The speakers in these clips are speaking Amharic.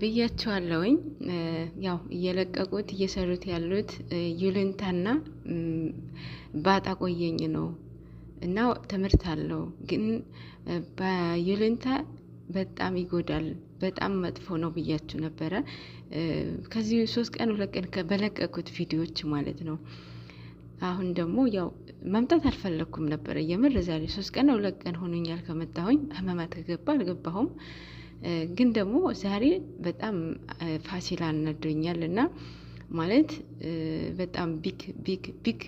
ብያቸዋለውኝ ያው እየለቀቁት እየሰሩት ያሉት ዩልንታና ባጣ ቆየኝ ነው እና ትምህርት አለው ግን በዩልንታ በጣም ይጎዳል፣ በጣም መጥፎ ነው ብያችሁ ነበረ። ከዚህ ሶስት ቀን ሁለት ቀን በለቀቁት ቪዲዮዎች ማለት ነው። አሁን ደግሞ ያው መምጣት አልፈለግኩም ነበረ የምር ዛሬ ሶስት ቀን ሁለት ቀን ሆኖኛል ከመጣሁኝ። ህመማት ከገባ አልገባሁም ግን ደግሞ ዛሬ በጣም ፋሲል አናዶኛል እና ማለት በጣም ቢግ ቢግ ቢግ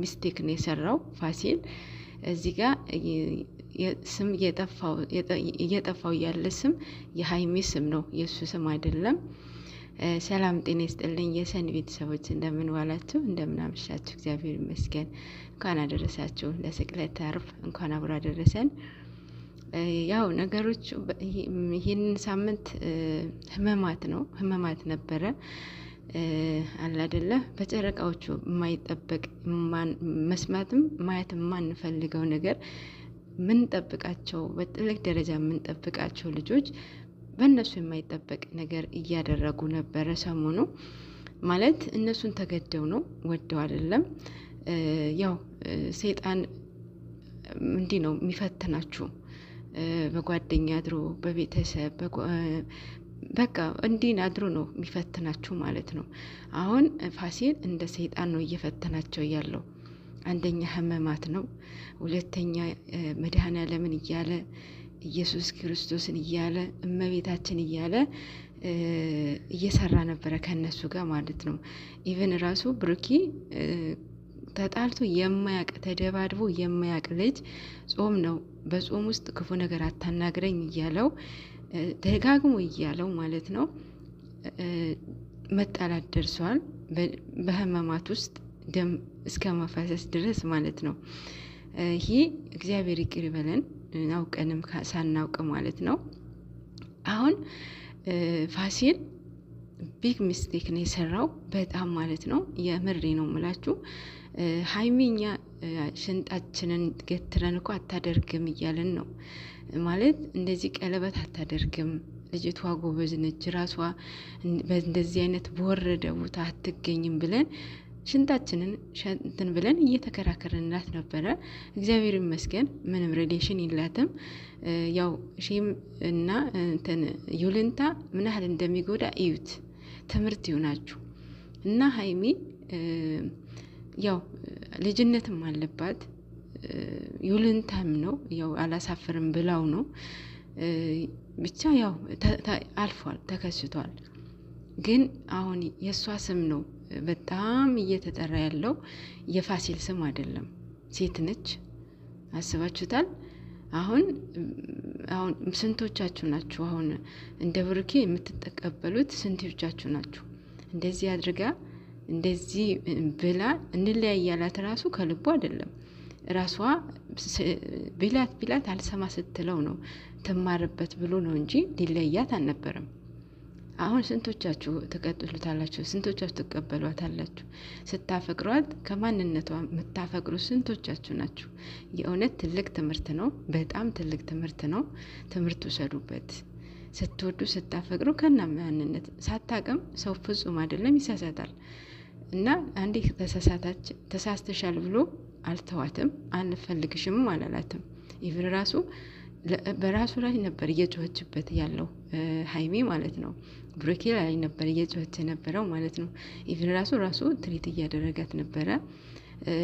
ሚስቴክ ነው የሰራው ፋሲል። እዚህ ጋር ስም እየጠፋው ያለ ስም የሀይሜ ስም ነው፣ የእሱ ስም አይደለም። ሰላም ጤና ይስጥልኝ የሰን ቤተሰቦች፣ እንደምን ዋላችሁ? እንደምን አመሻችሁ? እግዚአብሔር ይመስገን። እንኳን አደረሳችሁ ለስቅለት አርብ፣ እንኳን አብሮ አደረሰን። ያው ነገሮች ይህን ሳምንት ህመማት ነው ህመማት ነበረ አላደለ በጨረቃዎቹ የማይጠበቅ መስማትም ማየት የማንፈልገው ነገር ምንጠብቃቸው በጥልቅ ደረጃ የምንጠብቃቸው ልጆች በእነሱ የማይጠበቅ ነገር እያደረጉ ነበረ ሰሞኑ። ማለት እነሱን ተገደው ነው ወደው አይደለም። ያው ሰይጣን እንዲህ ነው የሚፈትናችሁ። በጓደኛ አድሮ በቤተሰብ በቃ እንዲህን አድሮ ነው የሚፈትናችሁ ማለት ነው። አሁን ፋሲል እንደ ሰይጣን ነው እየፈተናቸው ያለው። አንደኛ ህመማት ነው፣ ሁለተኛ መድኃኔዓለምን እያለ ኢየሱስ ክርስቶስን እያለ እመቤታችን እያለ እየሰራ ነበረ ከእነሱ ጋር ማለት ነው። ኢቨን ራሱ ብሩኪ ተጣልቶ የማያቅ ተደባድቦ የማያቅ ልጅ ጾም ነው። በጾም ውስጥ ክፉ ነገር አታናግረኝ እያለው ደጋግሞ እያለው ማለት ነው መጣላት ደርሷል። በህመማት ውስጥ ደም እስከ መፈሰስ ድረስ ማለት ነው። ይሄ እግዚአብሔር ይቅር በለን አውቀንም ሳናውቅ ማለት ነው። አሁን ፋሲል ቢግ ሚስቴክ ነው የሰራው በጣም ማለት ነው። የምሬ ነው ምላችሁ። ሀይሚኛ ሽንጣችንን ገትረን እኮ አታደርግም እያለን ነው ማለት እንደዚህ ቀለበት አታደርግም ልጅቷ ጎበዝ ነች፣ ራሷ በእንደዚህ አይነት በወረደ ቦታ አትገኝም ብለን ሽንጣችንን ሸንትን ብለን እየተከራከርንላት ነበረ። እግዚአብሔር ይመስገን ምንም ሬሌሽን የላትም። ያው ሼም እና እንትን ዩልንታ ምን ያህል እንደሚጎዳ እዩት፣ ትምህርት ይሆናችሁ እና ሀይሜ ያው ልጅነትም አለባት ዩልንታም ነው ያው አላሳፍርም ብላው ነው ብቻ ያው አልፏል፣ ተከስቷል። ግን አሁን የእሷ ስም ነው በጣም እየተጠራ ያለው የፋሲል ስም አይደለም። ሴት ነች። አስባችሁታል? አሁን አሁን ስንቶቻችሁ ናችሁ አሁን እንደ ብሩኬ የምትተቀበሉት? ስንቶቻችሁ ናችሁ እንደዚህ አድርጋ እንደዚህ ብላ እንለያያላት ራሱ ከልቡ አይደለም። ራሷ ቢላት ቢላት አልሰማ ስትለው ነው ትማርበት ብሎ ነው እንጂ ሊለያት አልነበረም። አሁን ስንቶቻችሁ ትቀጥሉታላችሁ? ስንቶቻችሁ ትቀበሏታላችሁ? ስታፈቅሯት ከማንነቷ የምታፈቅሩ ስንቶቻችሁ ናችሁ? የእውነት ትልቅ ትምህርት ነው። በጣም ትልቅ ትምህርት ነው። ትምህርት ውሰዱበት። ስትወዱ ስታፈቅሩ ከና ማንነት ሳታቅም ሰው ፍጹም አይደለም፣ ይሳሳታል። እና አንዴ ተሳሳታች ተሳስተሻል ብሎ አልተዋትም፣ አንፈልግሽም አላላትም። ኢቭን ራሱ በራሱ ላይ ነበር እየጮኸችበት ያለው ሀይሚ ማለት ነው። ብሩኬ ላይ ነበር እየጮኸች የነበረው ማለት ነው። ኢቭን ራሱ ራሱ ትሪት እያደረጋት ነበረ።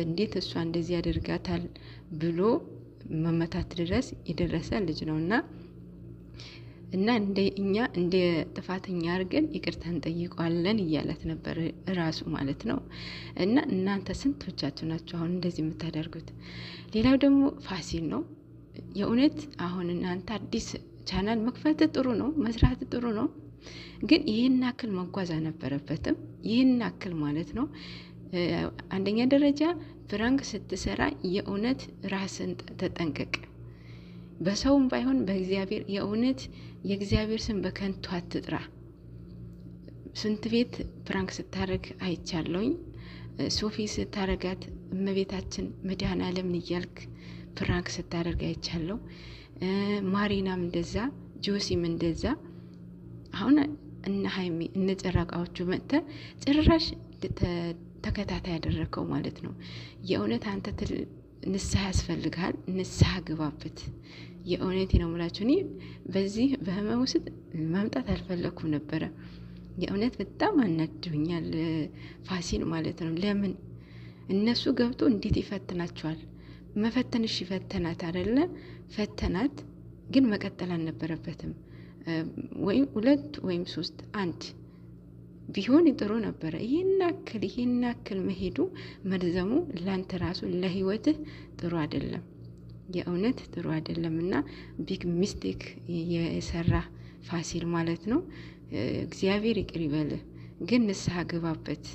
እንዴት እሷ እንደዚህ ያደርጋታል ብሎ መመታት ድረስ የደረሰ ልጅ ነው እና እና እንደ እኛ እንደ ጥፋተኛ አድርገን ይቅርታ እንጠይቀዋለን እያላት ነበር ራሱ ማለት ነው። እና እናንተ ስንቶቻችሁ ናችሁ አሁን እንደዚህ የምታደርጉት? ሌላው ደግሞ ፋሲል ነው። የእውነት አሁን እናንተ አዲስ ቻናል መክፈት ጥሩ ነው፣ መስራት ጥሩ ነው። ግን ይህን አክል መጓዝ አልነበረበትም። ይህን አክል ማለት ነው። አንደኛ ደረጃ ብራንክ ስትሰራ የእውነት ራስን ተጠንቀቅ። በሰውም ባይሆን በእግዚአብሔር የእውነት የእግዚአብሔር ስም በከንቱ አትጥራ። ስንት ቤት ፕራንክ ስታደርግ አይቻለውኝ። ሶፊ ስታረጋት እመቤታችን መድኃኔ ዓለምን እያልክ ፕራንክ ስታደርግ አይቻለው። ማሪናም እንደዛ፣ ጆሲም እንደዛ። አሁን እነ ሀይሚ እነ ጨረቃዎቹ መጥተ ጭራሽ ተከታታይ ያደረግከው ማለት ነው የእውነት አንተ ንስሐ ያስፈልግሃል። ንስሐ ግባበት። የእውነት ነው የምላችሁ። እኔ በዚህ በህመም ውስጥ መምጣት አልፈለግኩም ነበረ። የእውነት በጣም አናድሁኛል ፋሲል ማለት ነው። ለምን እነሱ ገብቶ እንዴት ይፈትናቸዋል? መፈተንሽ ይፈተናት አደለ? ፈተናት ግን መቀጠል አልነበረበትም። ወይም ሁለት ወይም ሶስት አንድ ቢሆን ጥሩ ነበረ። ይህን አክል ይህን አክል መሄዱ መርዘሙ ላንተ ራሱ ለህይወትህ ጥሩ አይደለም፣ የእውነት ጥሩ አይደለም እና ቢግ ሚስቴክ የሰራ ፋሲል ማለት ነው። እግዚአብሔር ይቅር ይበልህ፣ ግን ንስሐ ግባበት።